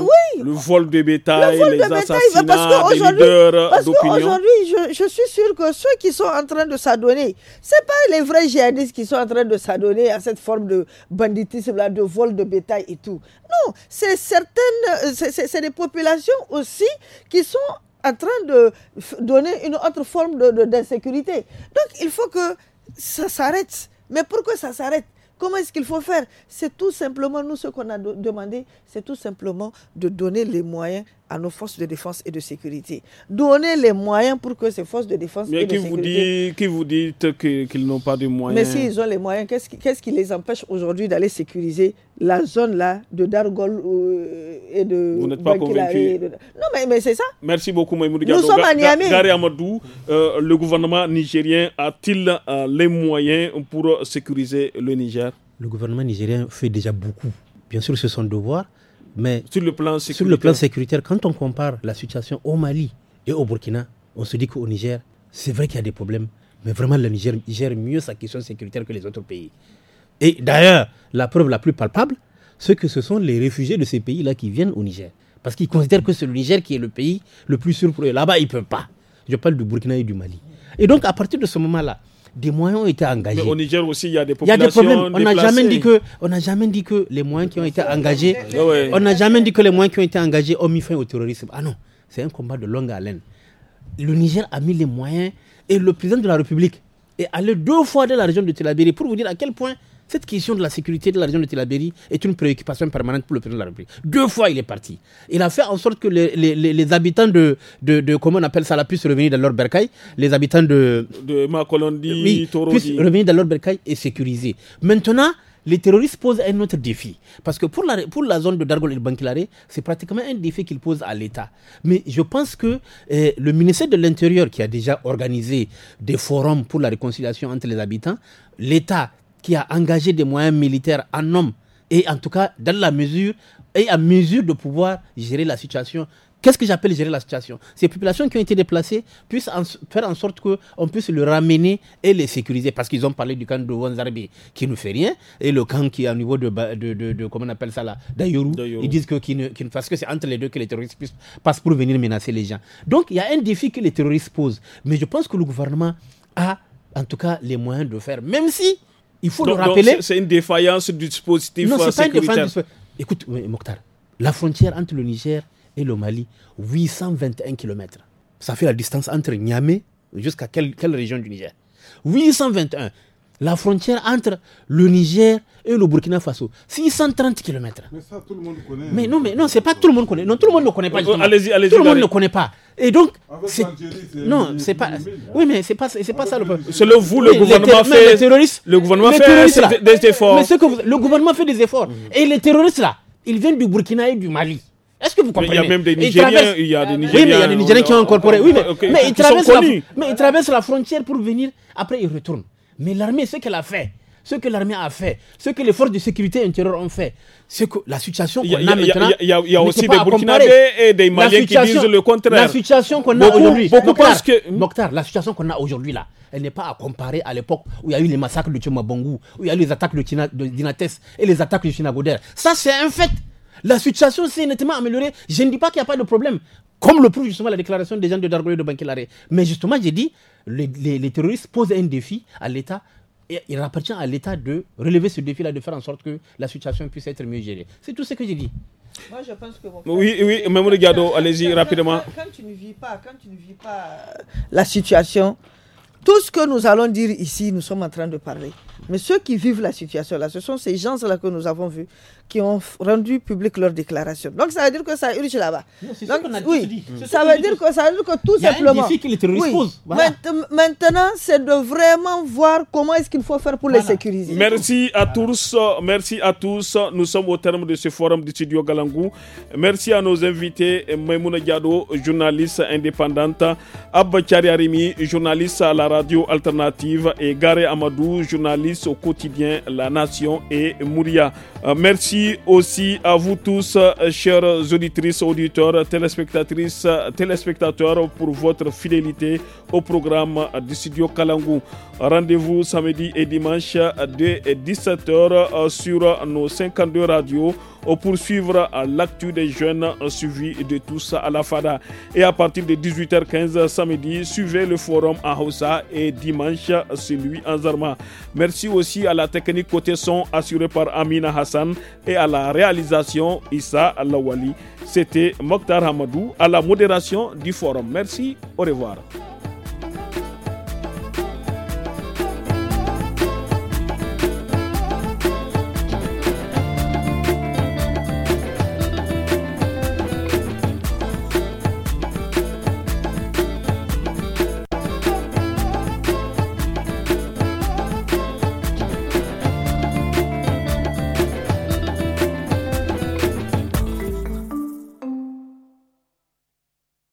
le vol de bétail, le vol les bétail, assassinats parce des euh, Parce qu'aujourd'hui, je, suis sûr que ceux qui sont en train de s'adonner, ce pas les vrais djihadistes qui sont en train de s'adonner à cette forme de banditisme-là, de vol de bétail et tout. Non, c'est certaines, euh, c'est des populations aussi qui sont en train de donner une autre forme d'insécurité. Donc il faut que ça s'arrête. Mais pourquoi ça s'arrête Comment est-ce qu'il faut faire C'est tout simplement, nous, ce qu'on a demandé, c'est tout simplement de donner les moyens à nos forces de défense et de sécurité. Donner les moyens pour que ces forces de défense Mais et qui de vous sécurité... Dit, qui vous dit qu'ils n'ont pas de moyens Mais s'ils ils ont les moyens, qu'est-ce qui, qui, les empêche aujourd'hui d'aller sécuriser la zone là de Dargol euh, et de... Vous n'êtes pas convaincu Non mais, c'est ça. Merci beaucoup Maïmoud Nous sommes à Niamey. Gary Amadou, euh, le gouvernement nigérien a-t-il euh, les moyens pour sécuriser le Niger Le gouvernement nigérien fait déjà beaucoup. Bien sûr, c'est son devoir, mais sur le plan sécuritaire, quand on compare la situation au Mali et au Burkina, on se dit qu'au Niger, c'est vrai qu'il y a des problèmes, mais vraiment le Niger gère mieux sa question sécuritaire que les autres pays. Et d'ailleurs, la preuve la plus palpable, c'est que ce sont les réfugiés de ces pays-là qui viennent au Niger. Parce qu'ils considèrent que c'est le Niger qui est le pays le plus sûr pour eux. Là-bas, ils ne peuvent pas. Je parle du Burkina et du Mali. Et donc, à partir de ce moment-là, des moyens ont été engagés. Mais au Niger aussi, il y a des populations. Il problèmes. On n'a jamais dit que, on n'a jamais dit que les moyens qui ont été engagés, ah on n'a jamais dit que les moyens qui ont été engagés ont mis fin au terrorisme. Ah non, c'est un combat de longue haleine. Le Niger a mis les moyens et le président de la République est allé deux fois dans la région de Telabéry pour vous dire à quel point cette question de la sécurité de la région de Tilaberi est une préoccupation permanente pour le président de la République. Deux fois, il est parti. Il a fait en sorte que les, habitants de, comment on appelle ça, la puissent revenir dans leur bercail. Les habitants de. De Makolondi, oui, puissent revenir dans leur bercail et sécuriser. Maintenant, les terroristes posent un autre défi. Parce que pour la, pour la zone de Dargol et de c'est pratiquement un défi qu'ils posent à l'État. Mais je pense que euh, le ministère de l'Intérieur, qui a déjà organisé des forums pour la réconciliation entre les habitants, l'État qui a engagé des moyens militaires en homme et en tout cas dans la mesure, et à mesure de pouvoir gérer la situation Qu'est-ce que j'appelle gérer la situation Ces populations qui ont été déplacées puissent faire en sorte qu'on puisse le ramener et les sécuriser. Parce qu'ils ont parlé du camp de Wanzarbi qui ne fait rien. Et le camp qui est au niveau de, de, comment on appelle ça là, d'Ayuru. Ils disent que, que c'est entre les deux que les terroristes passent pour venir menacer les gens. Donc il y a un défi que les terroristes posent. Mais je pense que le gouvernement a en tout cas les moyens de faire. Même si il faut le rappeler. C'est une défaillance du dispositif non, Écoute, Mokhtar, la frontière entre le Niger et le Mali, 821 km. Ça fait la distance entre Niamey jusqu'à quelle, quelle région du Niger 821 la frontière entre le Niger et le Burkina Faso. 630 km. Mais ça, tout le monde connaît. Mais non, mais non, c'est pas tout le monde connaît. Non, tout le monde ne connaît pas. Oh, oh, allez -y, allez -y, tout le monde ne connaît pas. Et donc, c'est non, c'est pas. Hein. Oui, mais c'est pas, c'est pas ça le problème. C'est le vous, le gouvernement fait. Le gouvernement fait des efforts. Mais ce que le gouvernement fait des efforts. Et les terroristes là, ils viennent du Burkina et du Mali. Est-ce que vous comprenez Il y a même des Nigériens. Il y a des Nigériens, oui, mais il y a des Nigériens qui ont euh, incorporé. Oui, ils traversent mais ils traversent la frontière pour venir. Après, ils retournent. Mais l'armée, ce qu'elle a fait, ce que l'armée a fait, ce que les forces de sécurité intérieure ont fait, ce que la situation qu'on a, maintenant. Il y a, aussi des Burkinabés et des Maliens qui disent le contraire. La situation qu'on a aujourd'hui. Beaucoup que. la situation qu'on a aujourd'hui là, elle n'est pas à comparer à l'époque où il y a eu les massacres de Tchoumabongou, où il y a eu les attaques de, Tina, et les attaques de Chinagoder. Ça, c'est un fait. La situation s'est nettement améliorée. Je ne dis pas qu'il n'y a pas de problème, comme le prouve justement la déclaration des gens de et de Banquillaré. Mais justement, j'ai dit, les, terroristes posent un défi à l'État et il appartient à l'État de relever ce défi-là, de faire en sorte que la situation puisse être mieux gérée. C'est tout ce que j'ai dit. Moi, je pense que. oui, oui, même Gado, allez-y rapidement. Quand, tu ne vis pas, quand tu ne vis pas euh, la situation, tout ce que nous allons dire ici, nous sommes en train de parler. Mais ceux qui vivent la situation là, ce sont ces gens-là que nous avons vus qui ont rendu public leur déclaration. Donc ça veut dire que ça urge là-bas. oui, ça veut dire que ça veut dire que tout simplement. Il y a un défi que les Maintenant, c'est de vraiment voir comment est-ce qu'il faut faire pour les sécuriser. Merci à tous, merci à tous. Nous sommes au terme de ce forum du studio Galangou. Merci à nos invités Maimouna Diado, journaliste indépendante, Abba Chariarimi, journaliste à la radio alternative et Gare Amadou, journaliste au quotidien La Nation et Mouria. Euh, merci aussi à vous tous, euh, chers auditrices, auditeurs, téléspectatrices, euh, téléspectateurs, pour votre fidélité au programme du studio Kalangou. Rendez-vous samedi et dimanche à 17h euh, sur nos 52 radios pour suivre l'actu des jeunes suivi de tous à la FADA. Et à partir de 18h15 samedi, suivez le forum à Hausa et dimanche celui en Zarma. Merci aussi à la technique côté son assurée par Amina Hassan et à la réalisation Issa Lawali. C'était Mokhtar Hamadou à la modération du forum. Merci, au revoir.